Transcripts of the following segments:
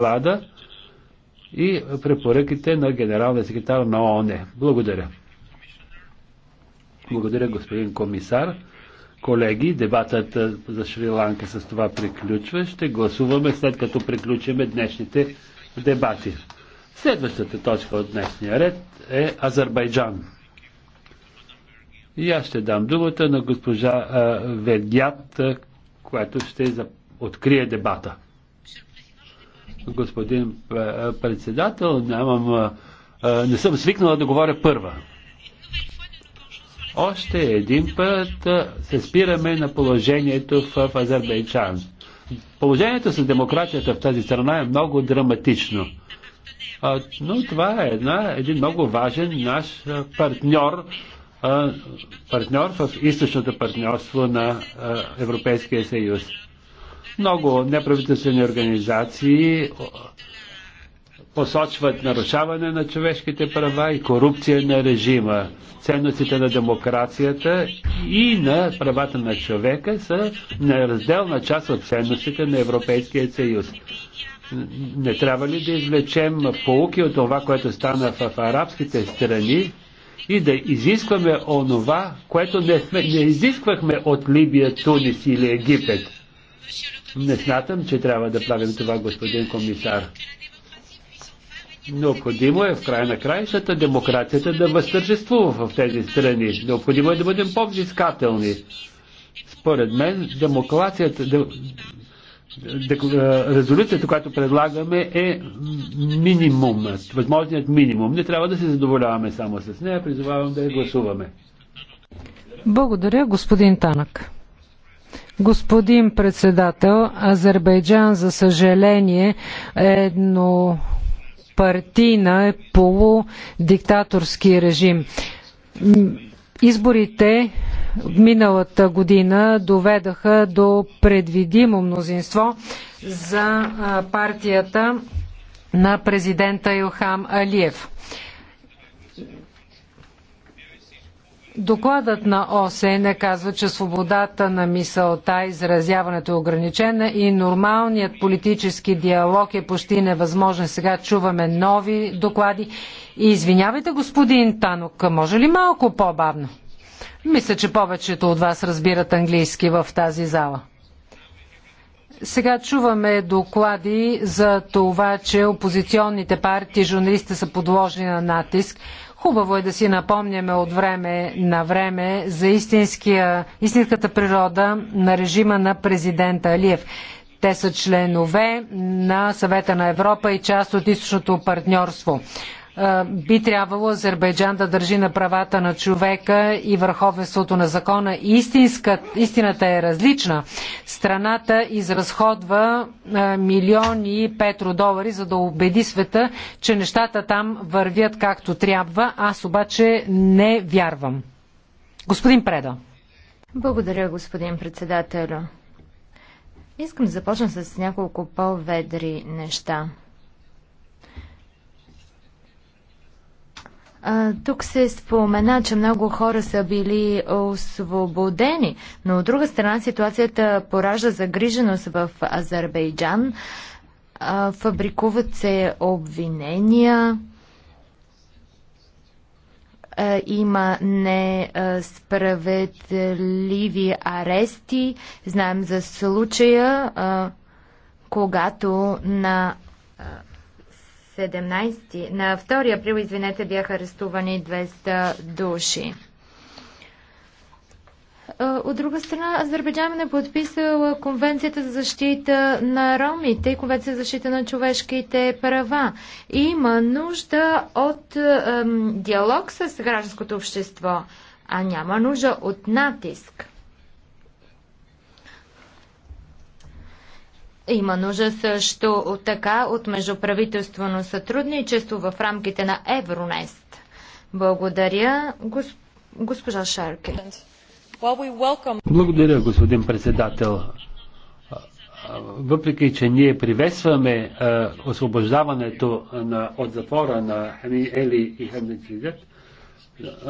доклада и препоръките на генералния секретар на ООН. Благодаря. Благодаря, господин комисар. Колеги, дебатът за Шри-Ланка с това приключва. Ще гласуваме след като приключиме днешните дебати. Следващата точка от днешния ред е Азербайджан. И аз ще дам думата на госпожа Ведят, която ще открие дебата господин е, е, председател. Нямам, е, не съм свикнала да говоря първа. Още един път се спираме на положението в Азербайджан. Положението с демокрацията в тази страна е много драматично. Но това е една, един много важен наш партньор, партньор в източното партньорство на Европейския съюз. Много неправителствени организации посочват нарушаване на човешките права и корупция на режима. Ценностите на демокрацията и на правата на човека са неразделна част от ценностите на Европейския съюз. Не трябва ли да извлечем поуки от това, което стана в арабските страни и да изискваме онова, което не, сме, не изисквахме от Либия, Тунис или Египет? Не смятам, че трябва да правим това, господин комисар. Необходимо е в край на краищата демокрацията да възтържествува в тези страни. Необходимо е да бъдем по-взискателни. Според мен демокрацията, резолюцията, която предлагаме е минимум, възможният минимум. Не трябва да се задоволяваме само с нея. Призовавам да я гласуваме. Благодаря, господин Танък. Господин председател, Азербайджан, за съжаление, е едно партийна, е полудиктаторски режим. Изборите миналата година доведаха до предвидимо мнозинство за партията на президента Йохам Алиев. Докладът на ОСН казва, че свободата на мисълта, изразяването е ограничена и нормалният политически диалог е почти невъзможен. Сега чуваме нови доклади. И извинявайте, господин Танок, може ли малко по-бавно? Мисля, че повечето от вас разбират английски в тази зала. Сега чуваме доклади за това, че опозиционните партии, журналисти са подложени на натиск. Хубаво е да си напомняме от време на време за истинската природа на режима на президента Алиев. Те са членове на Съвета на Европа и част от източното партньорство би трябвало Азербайджан да държи на правата на човека и върховенството на закона. Истинска, истината е различна. Страната изразходва милиони петродолари, за да убеди света, че нещата там вървят както трябва. Аз обаче не вярвам. Господин Преда. Благодаря, господин председател. Искам да започна с няколко по-ведри неща. Тук се спомена, че много хора са били освободени, но от друга страна ситуацията поражда загриженост в Азербайджан. Фабрикуват се обвинения, има несправедливи арести. Знаем за случая, когато на 17, на 2 април, извинете, бяха арестувани 200 души. От друга страна, Азербайджан е подписал Конвенцията за защита на ромите и Конвенция за защита на човешките права. И има нужда от ем, диалог с гражданското общество, а няма нужда от натиск. Има нужда също от така от междуправителствено сътрудничество в рамките на Евронест. Благодаря, госпожа Шарке. Благодаря, господин председател. Въпреки, че ние приветстваме е, освобождаването на, от затвора на Хами Ели и Хемницидет, е,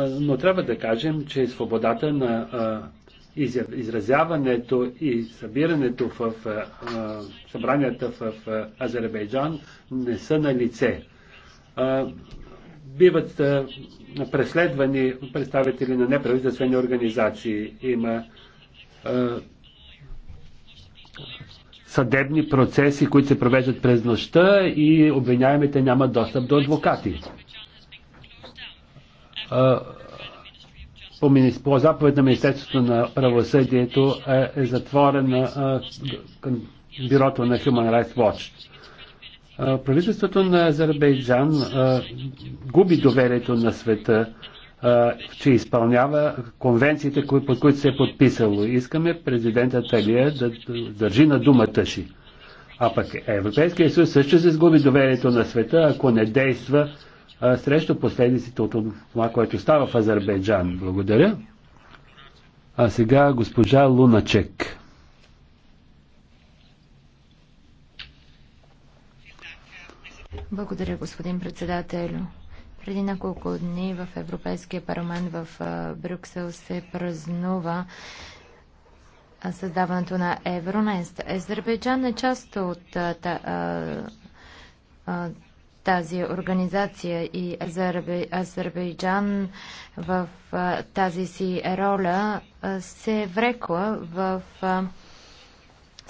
но трябва да кажем, че свободата на е, изразяването и събирането в събранията в Азербайджан не са на лице. Биват преследвани представители на неправителствени организации. Има съдебни процеси, които се провеждат през нощта и обвиняемите нямат достъп до адвокати по, по заповед на Министерството на правосъдието е, е затворено е, бюрото на Human Rights Watch. Е, правителството на Азербайджан е, губи доверието на света, е, че изпълнява конвенциите, кои, под които се е подписало. Искаме президента Талия да държи на думата си. А пък Европейския съюз също се сгуби доверието на света, ако не действа срещу последиците от това, което става в Азербайджан. Благодаря. А сега госпожа Луначек. Благодаря, господин председател. Преди няколко дни в Европейския парламент в Брюксел се празнува създаването на Евронест. Азербайджан е част от тази организация и Азербай... Азербайджан в а, тази си роля а, се е врекла в а,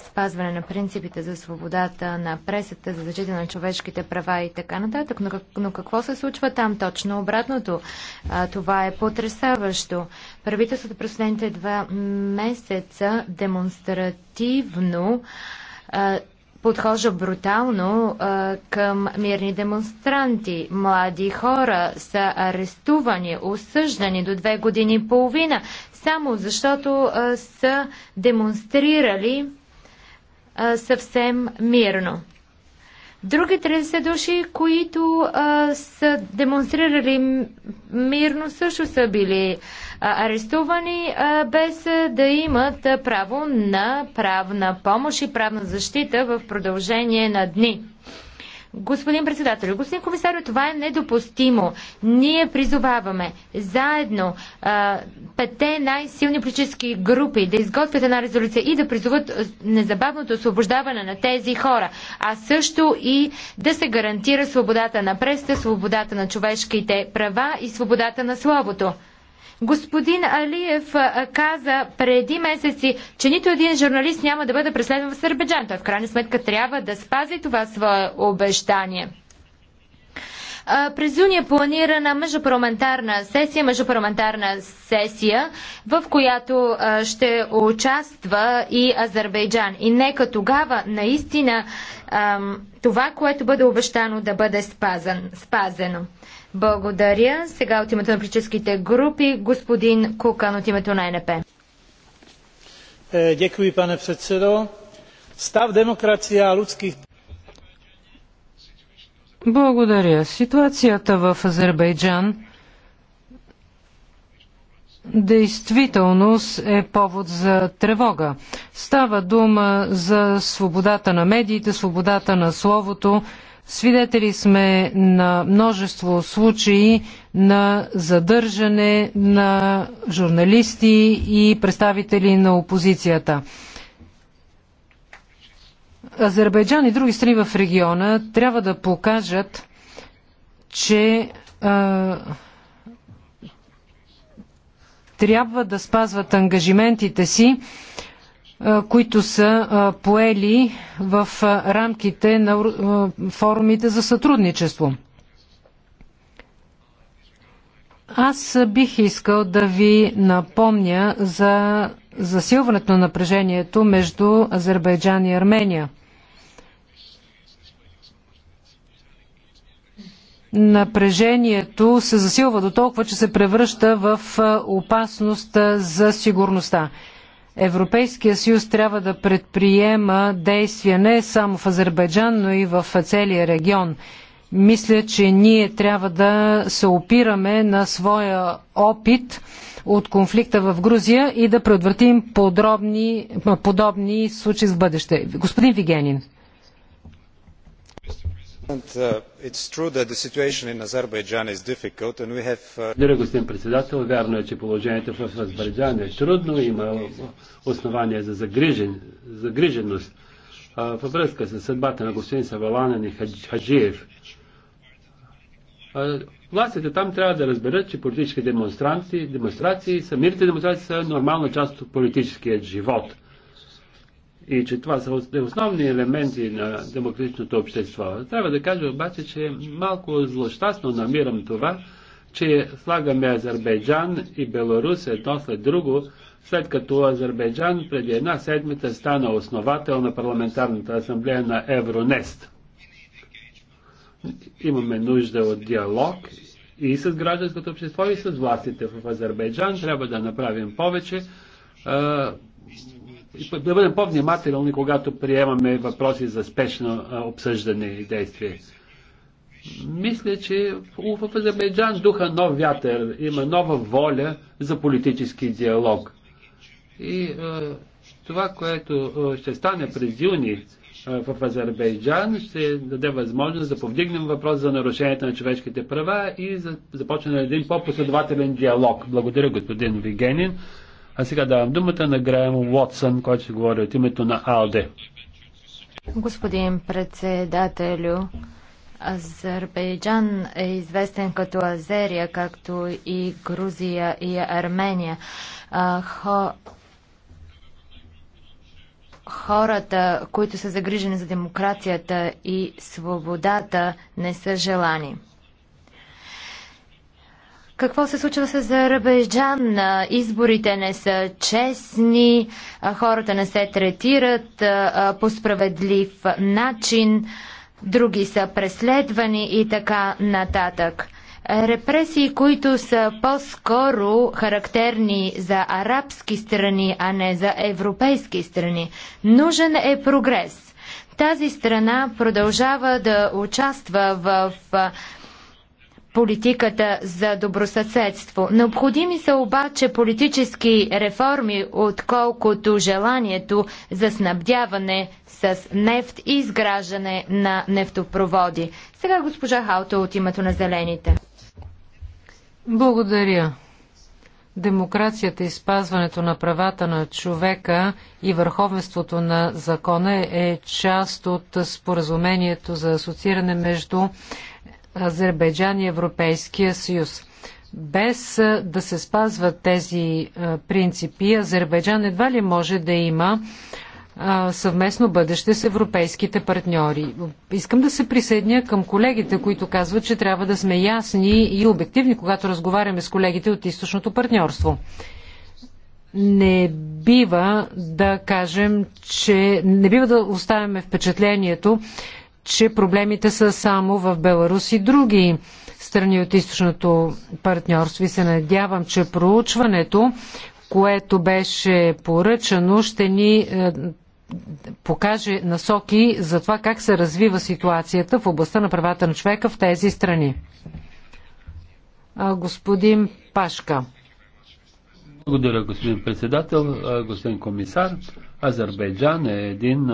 спазване на принципите за свободата на пресата, за защита на човешките права и така нататък. Но, но какво се случва там? Точно обратното. А, това е потрясаващо. Правителството през последните два месеца демонстративно а, подхожа брутално а, към мирни демонстранти. Млади хора са арестувани, осъждани до две години и половина, само защото а, са демонстрирали а, съвсем мирно. Други 30 души, които а, са демонстрирали мирно, също са били а, арестувани а, без а, да имат а, право на правна помощ и правна защита в продължение на дни. Господин председател, господин комисар, това е недопустимо. Ние призоваваме заедно а, пете най-силни политически групи да изготвят една резолюция и да призоват незабавното освобождаване на тези хора, а също и да се гарантира свободата на преста, свободата на човешките права и свободата на словото. Господин Алиев каза преди месеци, че нито един журналист няма да бъде преследван в Сърбеджан. Той в крайна сметка трябва да спази това свое обещание. През юни е планирана междупарламентарна сесия, междупарламентарна сесия, в която ще участва и Азербайджан. И нека тогава наистина това, което бъде обещано да бъде спазен, спазено. Благодаря. Сега от името на политическите групи, господин Кукан от името на НП. Е, дякую, пане председо. Став демокрация a Благодаря. Ситуацията в Азербайджан действителност е повод за тревога. Става дума за свободата на медиите, свободата на словото, Свидетели сме на множество случаи на задържане на журналисти и представители на опозицията. Азербайджан и други страни в региона трябва да покажат, че а, трябва да спазват ангажиментите си които са поели в рамките на форумите за сътрудничество. Аз бих искал да ви напомня за засилването на напрежението между Азербайджан и Армения. Напрежението се засилва до толкова, че се превръща в опасност за сигурността. Европейския съюз трябва да предприема действия не само в Азербайджан, но и в целия регион. Мисля, че ние трябва да се опираме на своя опит от конфликта в Грузия и да предотвратим подобни случаи в бъдеще. Господин Вигенин. Uh, uh, Благодаря, господин председател. Вярно е, че положението в Азербайджан е трудно. Има основания за загрижен, загриженост във връзка с съдбата на господин Саваланен и Хаджиев. Властите там трябва да разберат, че политически демонстрации, демонстрации са, демонстрации са нормална част от политическия живот – и че това са е основни елементи на демократичното общество. Трябва да кажа обаче, че малко злощастно намирам това, че слагаме Азербайджан и Беларус едно след друго, след като Азербайджан преди една седмица стана основател на парламентарната асамблея на Евронест. Имаме нужда от диалог и с гражданското общество, и с властите в Азербайджан. Трябва да направим повече да бъдем по-внимателни, когато приемаме въпроси за спешно обсъждане и действие. Мисля, че в Азербайджан духа нов вятър, има нова воля за политически диалог. И е, това, което ще стане през юни в Азербайджан, ще даде възможност да повдигнем въпрос за нарушенията на човешките права и за започне един по-последователен диалог. Благодаря, господин Вигенин. А сега давам думата на Граем Уотсън, който ще говори от името на АЛДЕ. Господин председателю, Азербайджан е известен като Азерия, както и Грузия и Армения. Хо... Хората, които са загрижени за демокрацията и свободата, не са желани. Какво се случва с Азербайджан? Изборите не са честни, хората не се третират по справедлив начин, други са преследвани и така нататък. Репресии, които са по-скоро характерни за арабски страни, а не за европейски страни. Нужен е прогрес. Тази страна продължава да участва в политиката за добросъседство. Необходими са обаче политически реформи, отколкото желанието за снабдяване с нефт и изграждане на нефтопроводи. Сега госпожа Хаута от името на Зелените. Благодаря. Демокрацията и спазването на правата на човека и върховенството на закона е част от споразумението за асоцииране между Азербайджан и Европейския съюз. Без да се спазват тези принципи, Азербайджан едва ли може да има съвместно бъдеще с европейските партньори. Искам да се присъединя към колегите, които казват, че трябва да сме ясни и обективни, когато разговаряме с колегите от източното партньорство. Не бива да кажем, че не бива да оставяме впечатлението, че проблемите са само в Беларус и други страни от източното партньорство и се надявам, че проучването, което беше поръчано, ще ни е, покаже насоки за това как се развива ситуацията в областта на правата на човека в тези страни. Господин Пашка. Благодаря, господин председател, господин комисар. Азербайджан е един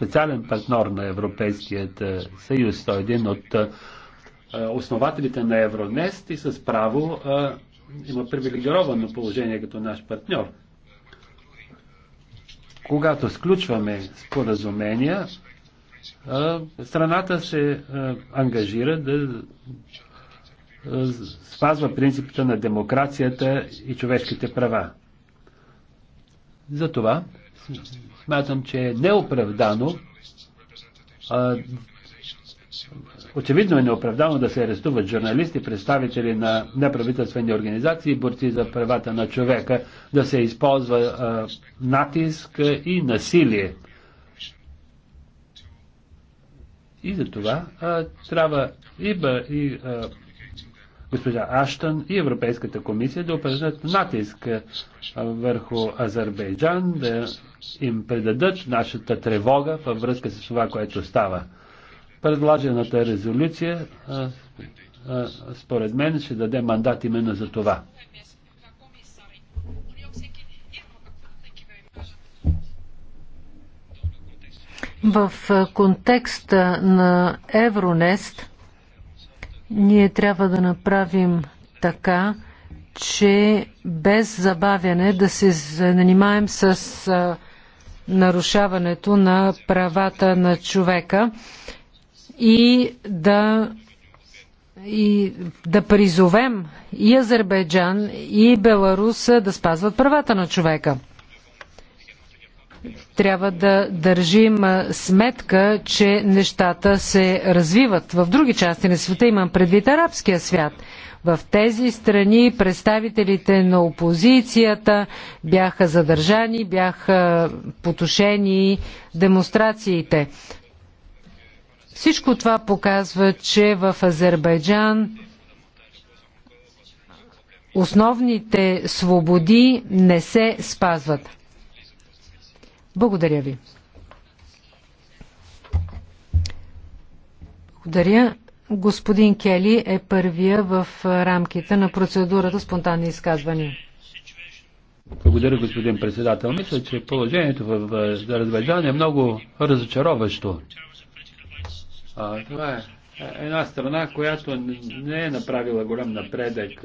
специален партньор на Европейският е, съюз. Той е един от е, основателите на Евронест и с право е, има привилегировано положение като наш партньор. Когато сключваме споразумения, страната се ангажира да спазва принципите на демокрацията и човешките права. Затова Смятам, че е неоправдано, а, очевидно е неоправдано да се арестуват журналисти, представители на неправителствени организации, борци за правата на човека, да се използва а, натиск и насилие. И за това а, трябва и, и а, госпожа Аштън и Европейската комисия да упражнят натиск върху Азербайджан, да им предадат нашата тревога във връзка с това, което става. Предложената резолюция, според мен, ще даде мандат именно за това. В контекста на Евронест ние трябва да направим така, че без забавяне да се занимаем с нарушаването на правата на човека и да, и да призовем и Азербайджан, и Беларус да спазват правата на човека трябва да държим сметка, че нещата се развиват. В други части на света имам предвид арабския свят. В тези страни представителите на опозицията бяха задържани, бяха потушени демонстрациите. Всичко това показва, че в Азербайджан основните свободи не се спазват. Благодаря ви. Благодаря. Господин Кели е първия в рамките на процедурата спонтанни изказвания. Благодаря, господин председател. Мисля, че положението в Азербайджан е много разочароващо. А, това е, е една страна, която не е направила голям напредък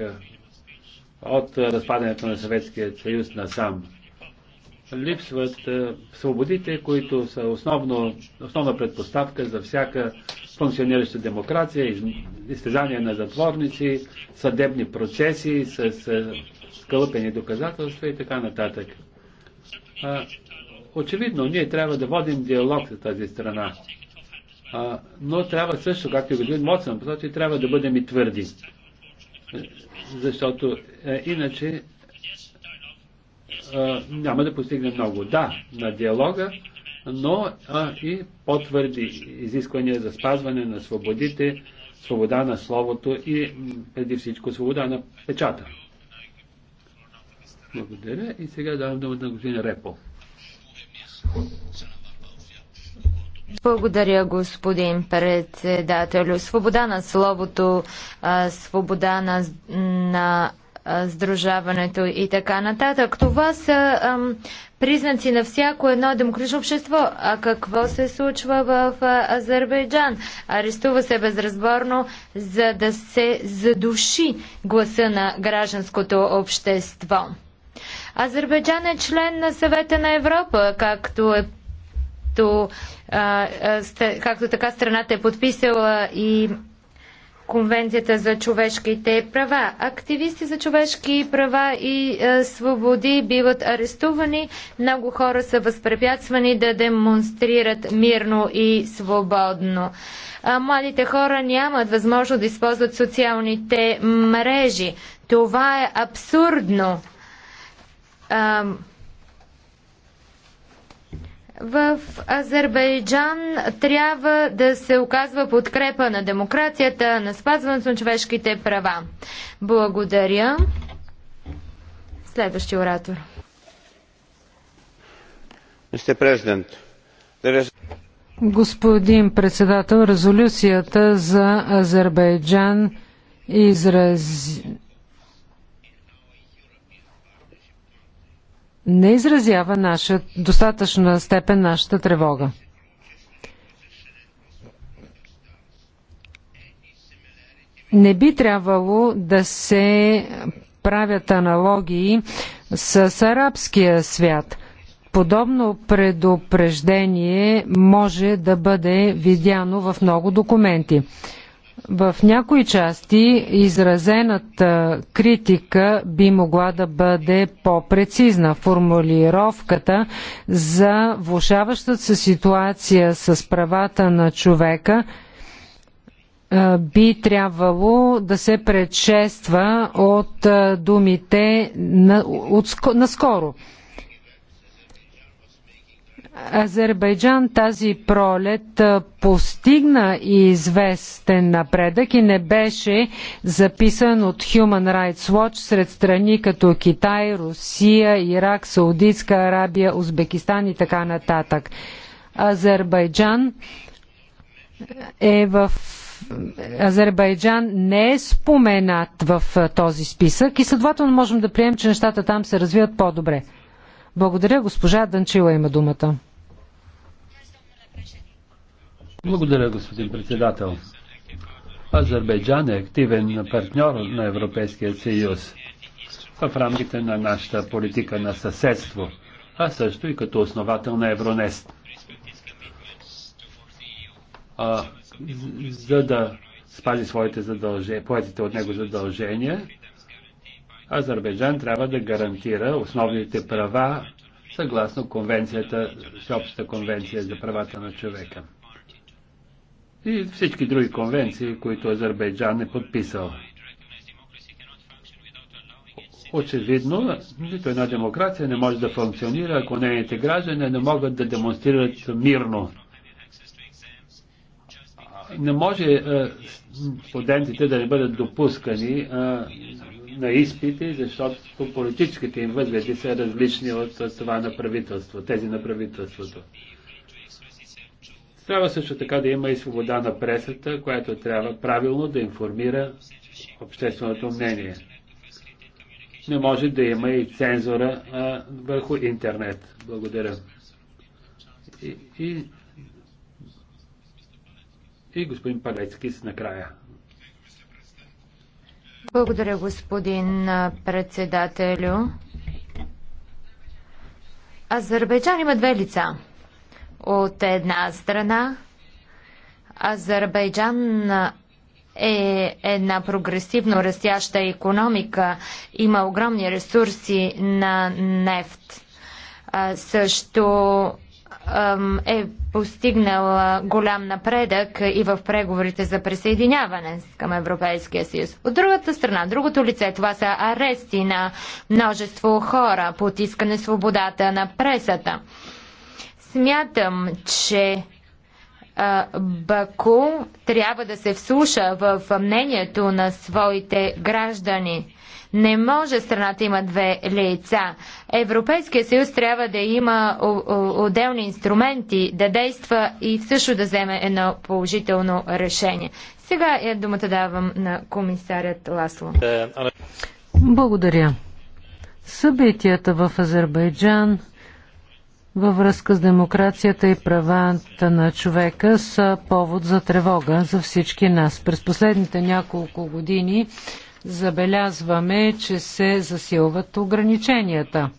от разпадането на Съветския съюз насам липсват е, свободите, които са основно, основна предпоставка за всяка функционираща демокрация, изтежание на затворници, съдебни процеси с скълъпени доказателства и така нататък. Очевидно, ние трябва да водим диалог с тази страна. А, но трябва също, както и господин Моцан трябва да бъдем и твърди. Е, защото е, иначе няма да постигне много. Да, на диалога, но а, и потвърди изисквания за спазване на свободите, свобода на словото и преди всичко свобода на печата. Благодаря и сега давам думата на господин Репо. Благодаря, господин председател. Свобода на словото, свобода на, на сдружаването и така нататък. Това са ам, признаци на всяко едно демократично общество. А какво се случва в а, Азербайджан? Арестува се безразборно, за да се задуши гласа на гражданското общество. Азербайджан е член на съвета на Европа, както е то, а, а, както така страната е подписала и Конвенцията за човешките права. Активисти за човешки права и е, свободи биват арестувани. Много хора са възпрепятствани да демонстрират мирно и свободно. А, младите хора нямат възможност да използват социалните мрежи. Това е абсурдно. А, в Азербайджан трябва да се оказва подкрепа на демокрацията, на спазването на човешките права. Благодаря. Следващия оратор. Господин председател, резолюцията за Азербайджан изрази не изразява наша, достатъчна степен нашата тревога. Не би трябвало да се правят аналогии с арабския свят. Подобно предупреждение може да бъде видяно в много документи. В някои части изразената критика би могла да бъде по-прецизна. Формулировката за влушаващата се ситуация с правата на човека би трябвало да се предшества от думите на, от, наскоро. Азербайджан тази пролет постигна известен напредък и не беше записан от Human Rights Watch сред страни като Китай, Русия, Ирак, Саудитска Арабия, Узбекистан и така нататък. Азербайджан е в Азербайджан не е споменат в този списък и следователно можем да приемем, че нещата там се развиват по-добре. Благодаря, госпожа Данчила има думата. Благодаря, господин председател. Азербайджан е активен партньор на Европейския съюз в рамките на нашата политика на съседство, а също и като основател на Евронест. А, за да спази своите задължения, поетите от него задължения, Азербайджан трябва да гарантира основните права съгласно конвенцията, Всеобщата конвенция за правата на човека. И всички други конвенции, които Азербайджан е подписал. Очевидно, нито една демокрация не може да функционира, ако нейните граждани не могат да демонстрират мирно. Не може студентите да не бъдат допускани на изпити, защото политическите им възгледи са различни от това на правителство, тези на правителството. Трябва също така да има и свобода на пресата, която трябва правилно да информира общественото мнение. Не може да има и цензура а, върху интернет. Благодаря. И, и, и господин Палецки с накрая. Благодаря, господин председателю. Азербайджан има две лица. От една страна, Азербайджан е една прогресивно растяща економика, има огромни ресурси на нефт. също е постигнал голям напредък и в преговорите за присъединяване към Европейския съюз. От другата страна, другото лице, това са арести на множество хора, потискане свободата на пресата. Смятам, че Баку трябва да се вслуша в мнението на своите граждани. Не може страната има две лица. Европейския съюз трябва да има отделни инструменти, да действа и също да вземе едно положително решение. Сега я думата давам на комисарят Ласло. Благодаря. Събитията в Азербайджан във връзка с демокрацията и правата на човека са повод за тревога за всички нас. През последните няколко години забелязваме, че се засилват ограниченията.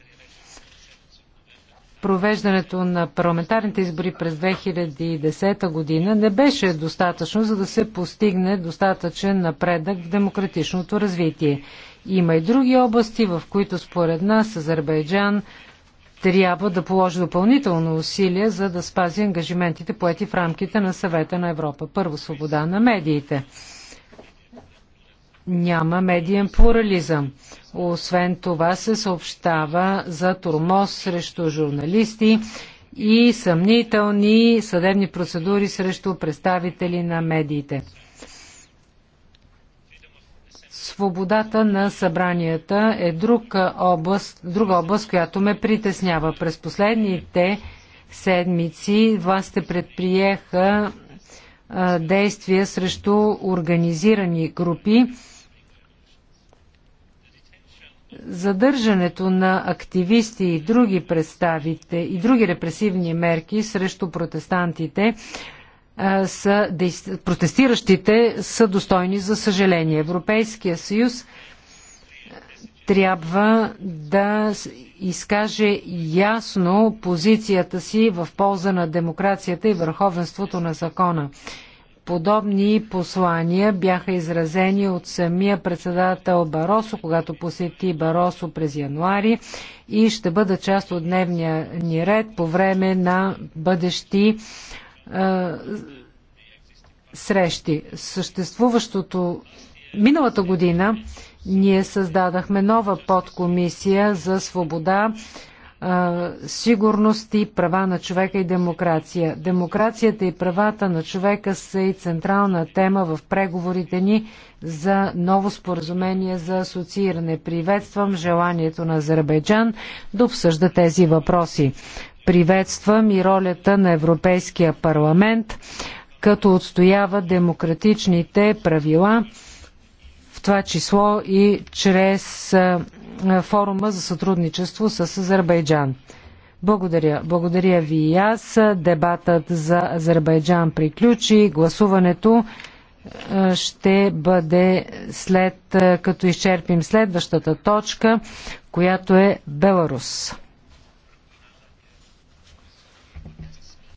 Провеждането на парламентарните избори през 2010 година не беше достатъчно, за да се постигне достатъчен напредък в демократичното развитие. Има и други области, в които според нас Азербайджан трябва да положи допълнително усилие, за да спази ангажиментите поети в рамките на съвета на Европа. Първо, свобода на медиите няма медиен плурализъм. Освен това се съобщава за турмоз срещу журналисти и съмнителни съдебни процедури срещу представители на медиите. Свободата на събранията е друг област, друга област, която ме притеснява. През последните седмици властите предприеха действия срещу организирани групи, задържането на активисти и други представите и други репресивни мерки срещу протестантите са, протестиращите са достойни за съжаление. Европейския съюз трябва да изкаже ясно позицията си в полза на демокрацията и върховенството на закона. Подобни послания бяха изразени от самия председател Баросо, когато посети Баросо през януари и ще бъдат част от дневния ни ред по време на бъдещи е, срещи. Съществуващото миналата година ние създадахме нова подкомисия за свобода сигурност и права на човека и демокрация. Демокрацията и правата на човека са и централна тема в преговорите ни за ново споразумение за асоцииране. Приветствам желанието на Азербайджан да обсъжда тези въпроси. Приветствам и ролята на Европейския парламент, като отстоява демократичните правила, в това число и чрез е, форума за сътрудничество с Азербайджан. Благодаря. Благодаря ви и аз. Дебатът за Азербайджан приключи. Гласуването е, ще бъде след е, като изчерпим следващата точка, която е Беларус.